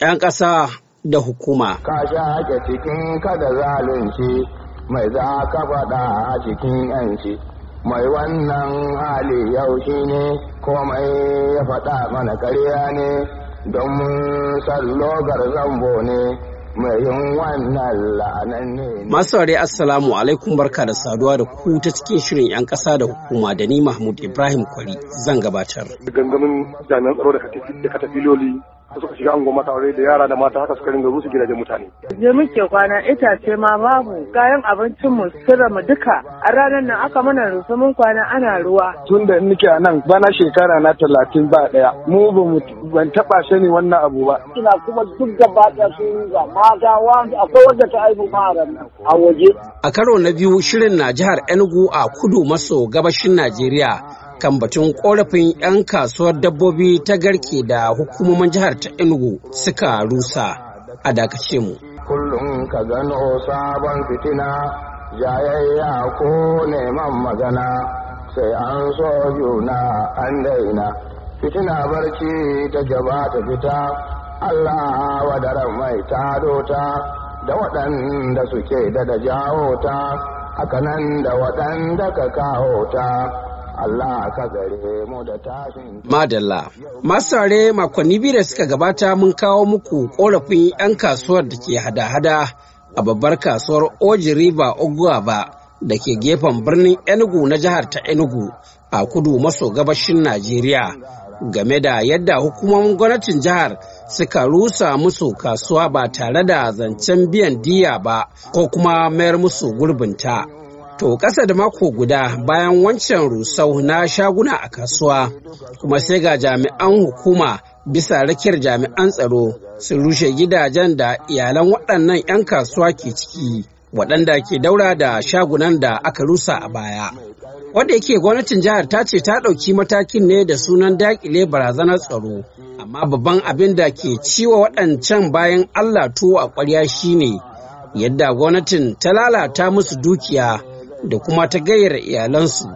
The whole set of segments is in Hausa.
'yan ƙasa da hukuma. Ka sha haƙe cikin kada zalunci mai za ka faɗa a cikin 'yanci. Mai wannan hali yau shi ne komai ya faɗa mana karya ne don sallogar zambo ne. Masu saurari Assalamu alaikum barka da saduwa da ku ta cikin shirin 'yan ƙasa da hukuma da ni Mahmud Ibrahim Kwari zan gabatar. Gangamin da suka shiga angon mata aure da yara da mata haka suka ringa rusu gidajen mutane. Je muke kwana itace ma babu kayan abincin mu sirra mu duka a ranar nan aka mana rusu mun kwana ana ruwa. Tun da nake a nan bana shekara na talatin ba daya mu ba mu ban taba sani wannan abu ba. Ina kuma duk gaba da sun ga mata wanda akwai wanda ta aibu ma a waje. A karo na biyu shirin na jihar Enugu a kudu maso gabashin Najeriya kan batun korafin 'yan kasuwar dabbobi ta garke da hukumomin jihar ta Enugu suka rusa a dakace mu. Kullum ka gano sabon fitina jayayya ko neman magana sai an so juna an daina fitina barci ta gaba ta fita Allah wadaran mai ta dota. da waɗanda suke da da jawo ta kanan da waɗanda ka kawo ta Allah ka Madalla, masu makonni biyu da suka gabata mun kawo muku korafin 'yan kasuwar da ke hada-hada a babbar kasuwar Oji River ba da ke gefen birnin Enugu na jihar ta Enugu a kudu maso gabashin Najeriya game da yadda hukumomin gwamnatin jihar suka rusa musu kasuwa ba tare da zancen biyan diya ba ko kuma mayar musu gurbinta. To ƙasa da mako guda bayan wancan rusau na shaguna a kasuwa kuma sai ga jami'an hukuma bisa rakiyar jami'an tsaro sun rushe gidajen da iyalan waɗannan 'yan kasuwa ke ciki waɗanda ke daura da shagunan da aka rusa a baya. Wanda yake gwamnatin jihar ta ce ta ɗauki matakin ne da sunan daƙile barazanar tsaro, amma babban abin da ke ciwa waɗancan bayan Allah tuwo a ƙwarya shine yadda gwamnatin ta lalata musu dukiya da kuma ta gayyar iyalansu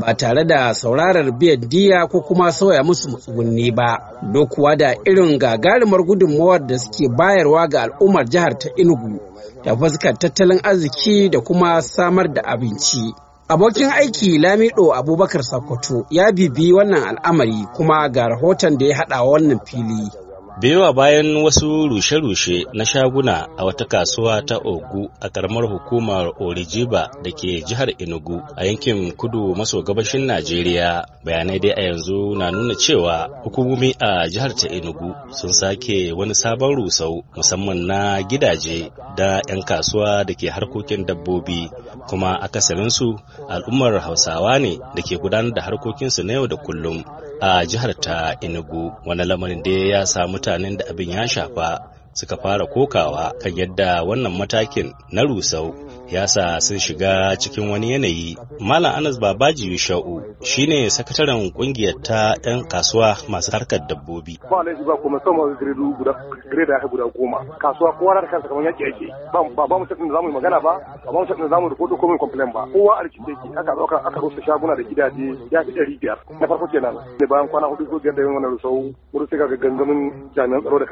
ba tare da saurarar biyan diya ko kuma sauya musu matsugunni ba dokuwa da irin gagarumar gudunmawar da suke bayarwa ga al'ummar jihar ta inugu da fuskar tattalin arziki da kuma samar da abinci abokin aiki lamido abubakar sakkwato ya bibi wannan al'amari kuma ga rahoton da ya haɗa wannan fili Biyowa bayan wasu rushe-rushe na shaguna a wata kasuwa ta Ogu a karamar hukumar Orijiba da ke jihar Enugu a yankin kudu maso gabashin Najeriya. Bayanai dai a yanzu na nuna cewa hukumomi a jihar ta Enugu sun sake wani sabon rusau musamman na gidaje da 'yan kasuwa da ke harkokin dabbobi kuma akasarinsu al'ummar Hausawa ne da ke gudanar da harkokinsu na yau da kullum a jihar ta Enugu. Wani lamarin da ya sa mutanen da abin ya shafa suka fara kokawa kan yadda wannan matakin na rusau ya sa sun shiga cikin wani yanayi malam anas babaji sha'u shine sakataren kungiyar ta ɗan kasuwa masu harkar dabbobi ba laifi ba kuma sama giredu guda gireda ya guda goma kasuwa kowa da kansa kamar yaki yake ba ba mu sakin da zamu yi magana ba ba mu sakin da zamu rubuta komai complain ba kowa a rikice yake aka dauka aka rusa shaguna da gidaje ya fi ɗari biyar na farko kenan ne bayan kwana hudu ko biyar da yin wannan rusau wurin sai ga gangamin jami'an tsaro da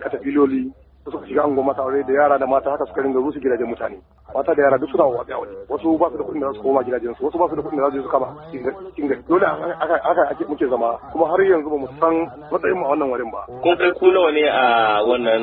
katafiloli suka shiga angon mata aure da yara da mata haka suka ringa rusu gidajen mutane mata da yara duk suna watsi a waje wasu ba su da kuɗin da za su koma gidajen su wasu ba su da kuɗin da za su je su kama cikin gari dole haka ake muke zama kuma har yanzu ba mu san matsayin mu a wannan wurin ba kun kai ku nawa ne a wannan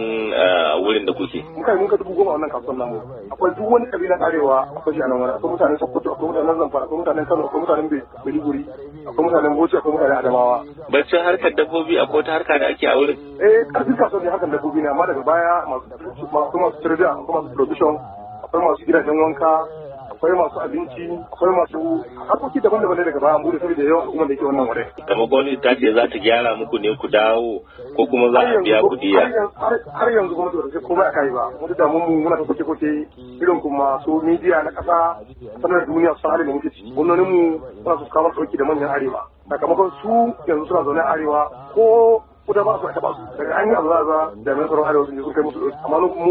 wurin da kuke mun kai mun ka dubu goma a wannan kasuwar namu akwai duk wani kabila arewa akwai shi a nan wani akwai mutanen sokoto akwai mutanen zamfara akwai mutanen kano akwai mutanen maiduguri akwai mutanen bauchi akwai mutanen adamawa bacci harkar dabbobi akwai wata harka da ake a wurin eh karfin kasuwar ne harkar dabbobi ne amma daga baya kaya masu masu turja akwai masu production akwai masu gidajen wanka akwai masu abinci akwai masu harkoki daban-daban daga baya sai da yawan kuma da ke wannan wurin. kamar gwamnati ta ce za ta gyara muku ne ku dawo ko kuma za a biya kuɗi ya. har yanzu gwamnati ba ta ce komai a ba mun da mu muna ta koke-koke irin kuma masu media na ƙasa sanar duniya su halin da muke ciki gwamnonin mu suna su kawo sauki da manyan arewa sakamakon su yanzu suna zaune arewa ko kuda ba su taba su an yi abu da mai kai musu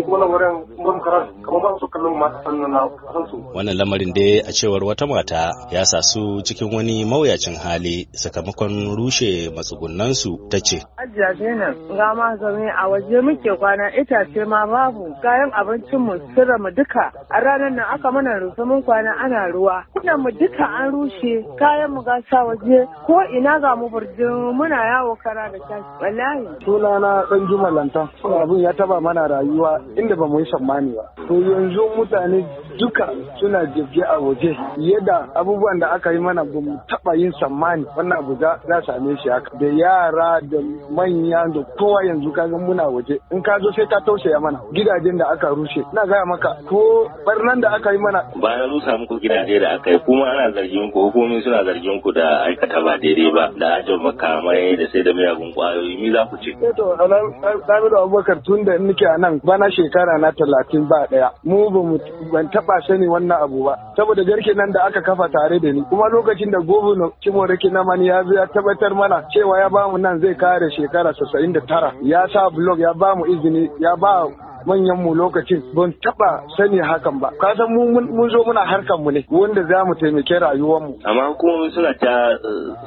kuma nan wurin mun kamar ba su kallon mata sannan na kasan su wannan lamarin dai a cewar wata mata ya sa su cikin wani mawuyacin hali sakamakon rushe matsugunan su ta ce ajiya kenan ga ma zaune a waje muke kwana itace ma babu kayan abincin mu sirra mu duka a ranar nan aka mana rufe mun kwana ana ruwa kudan mu duka an rushe kayan mu gasa waje ko ina ga mu burjin muna yawo kara da tashi wallahi sunana dan juma lantan abun ya taba mana rayuwa inda ba mu yi tsammani ba to yanzu mutane duka suna jirgi a waje yadda abubuwan da aka yi mana ba mu taɓa yin tsammani wannan abu za same shi haka da yara da manya da kowa yanzu kaga muna waje in ka zo sai ka tausaya mana gidajen da aka rushe na gaya maka ko barnan da aka yi mana bayan rusa muku gidaje da aka yi kuma ana zargin ku hukumomi suna zargin ku da aikata ba daidai ba da ajin makamai da sai da miyagun kwayoyi mi za ku ce eh to da Abubakar tun da nake a nan bana shekara na talatin ba daya mu ba mu ban taba sani wannan abu ba saboda garke nan da aka kafa tare da ni kuma lokacin da gwamnan kimora kinamani ya zo ya tabbatar mana cewa ya bamu nan zai kare shekara 69 ya sa blog ya bamu izini ya ba manyan mu lokacin ban taba sani hakan ba ka san mu mun zo muna harkan mu ne wanda za mu taimake rayuwar mu amma hukumomi suna ta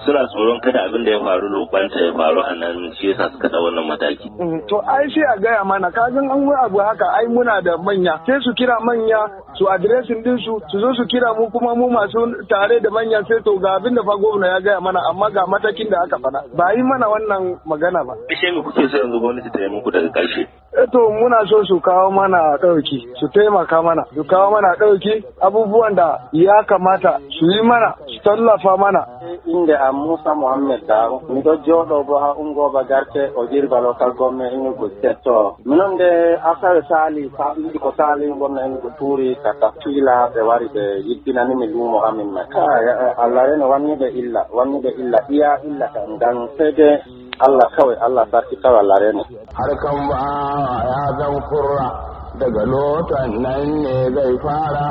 suna tsoron kada abin da ya faru kwanta ya faru a nan shi yasa suka da wannan mataki mm, to ai sai a gaya mana ka san an wani abu haka ai muna da manya sai su kira manya su adiresin din su su zo su kira mu kuma mu masu tare da manya sai to ga abin da fa gwamna ya gaya mana amma ga matakin da aka faɗa ba yi mana wannan magana ba. Bishe mu kuke so yanzu gwamnati ta yi muku daga ƙarshe. Eto eh, muna so su kawo mana ɗauki, su taimaka mana, su kawo mana ɗauki abubuwan da ya kamata su yi mana, su tallafa mana. inda a Musa Muhammed da mido joɗo bo ha ungo ba garte o dirba local government inugu setto. Minon de asar sali fa ko sali gomna inugu turi ta fila de wari ɓe ni mi lumo amin ma. Allah yana wani da illa, wani da illa iya illa ka dan sai Allah kawai Allah ta sarki lare ne harkan ba ya zan kurra daga lotan nan ne zai fara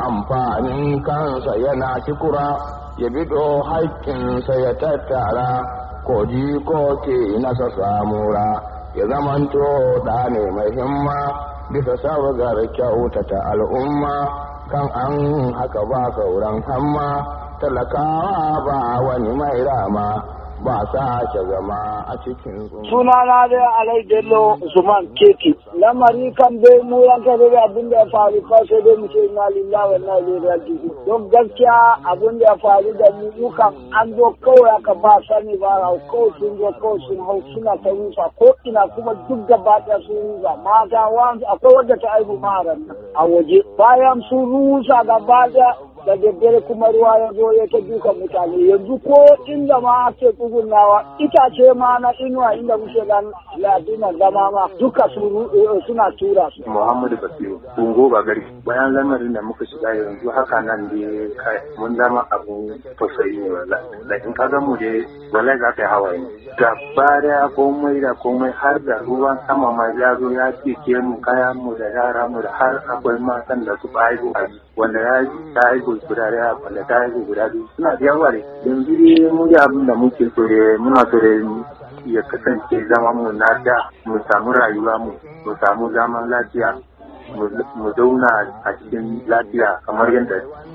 amfanin kansa yana kikura ya bido haƙƙinsa ya tattara ko ji ko ke nasa samura ya zamanto da ne mai himma bisa sabgar kyautata al'umma kan an haka ba sauran hamma talakawa ba wani mai rama ba sa ta zama a cikin suna na dai alai dello usman keke lamari kan bai mu yanka da abin da ya faru fa sai dai mu ce inna lillahi wa inna ilaihi raji'un don gaskiya abin da ya faru da mu dukan an zo kawai aka ba sani ba rawo kawai sun zo kawai hau suna ta rusa ko ina kuma duk gaba ɗaya sun ma mata wani akwai wadda ta aihu ma a waje bayan sun rusa gaba da daddare kuma ruwa ya zo ya ta dukan mutane yanzu ko inda ma ake tsugunawa itace ma na inuwa inda muke dan ladina zama ma duka eh, suna tura su. Muhammadu Basiru, Bungo Bagari, bayan lamarin da muka shiga yanzu haka nan da kai mun zama abu fasayi ne wala. in ka mu dai wala za ka yi hawaye ne. Gaba da komai da komai har da ruwan sama ma ya zo ya cike mu kaya mu da yara mu da har akwai matan da su haihu wanda ya yi campus guda daya da tarihi guda biyu suna da yawa ne yanzu dai mu da abin da muke so da muna so da ya kasance zama mu na da mu samu rayuwa mu mu samu zaman lafiya mu zauna a cikin lafiya kamar yadda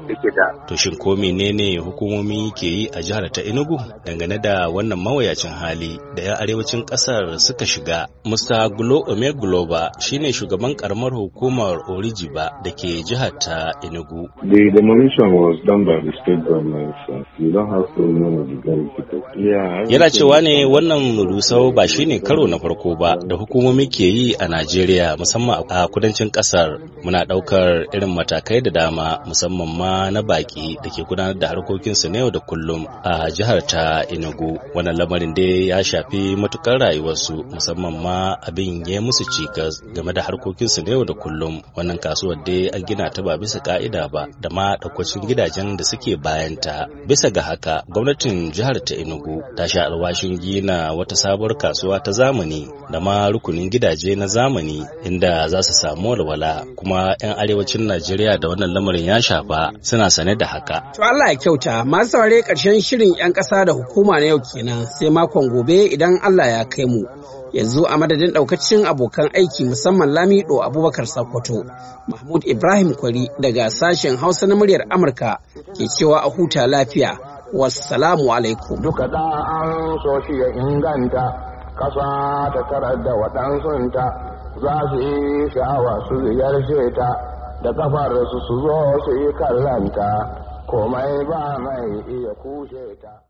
yake da. To shin ko menene hukumomi ke yi a jihar ta Enugu dangane da wannan mawayacin hali da ya arewacin kasar suka shiga? musa Gulo Guloba shine shugaban karamar hukumar Orijiba da ke jihar ta Enugu. The demolition was done by the state government. You don't have to know the Yana cewa ne wannan rusau ba shine karo na farko ba da hukumomi ke yi a Najeriya musamman a kudancin kasar. kasar muna daukar irin matakai da dama musamman ma na baki da ke gudanar da harkokinsu na yau da kullum a jihar ta inugu wannan lamarin dai ya shafi matukar rayuwarsu musamman ma abin ya musu cikas game da harkokinsu na yau da kullum wannan kasuwar dai an gina ta ba bisa ka'ida ba da ma daukacin gidajen da suke bayan ta bisa ga haka gwamnatin jihar ta inugu ta sha alwashin gina wata sabuwar kasuwa ta zamani da ma rukunin gidaje na zamani inda za su samu walwala walwala kuma 'yan arewacin Najeriya da wannan lamarin ya shafa suna sane da haka. To Allah ya kyauta masu saurare karshen shirin 'yan ƙasa da hukuma na yau kenan sai makon gobe idan Allah ya kai mu. Yanzu a madadin ɗaukacin abokan aiki musamman Lamido Abubakar Sakkwato, Mahmud Ibrahim Kwari daga sashen Hausa na muryar Amurka ke cewa a huta lafiya. Wassalamu alaikum. Duka da an so shi ya inganta, kasa ta tarar da waɗansunta. za su yi sha'awa su ziyarce ta da kafar su zo su yi kallanta komai ba mai iya kushe ta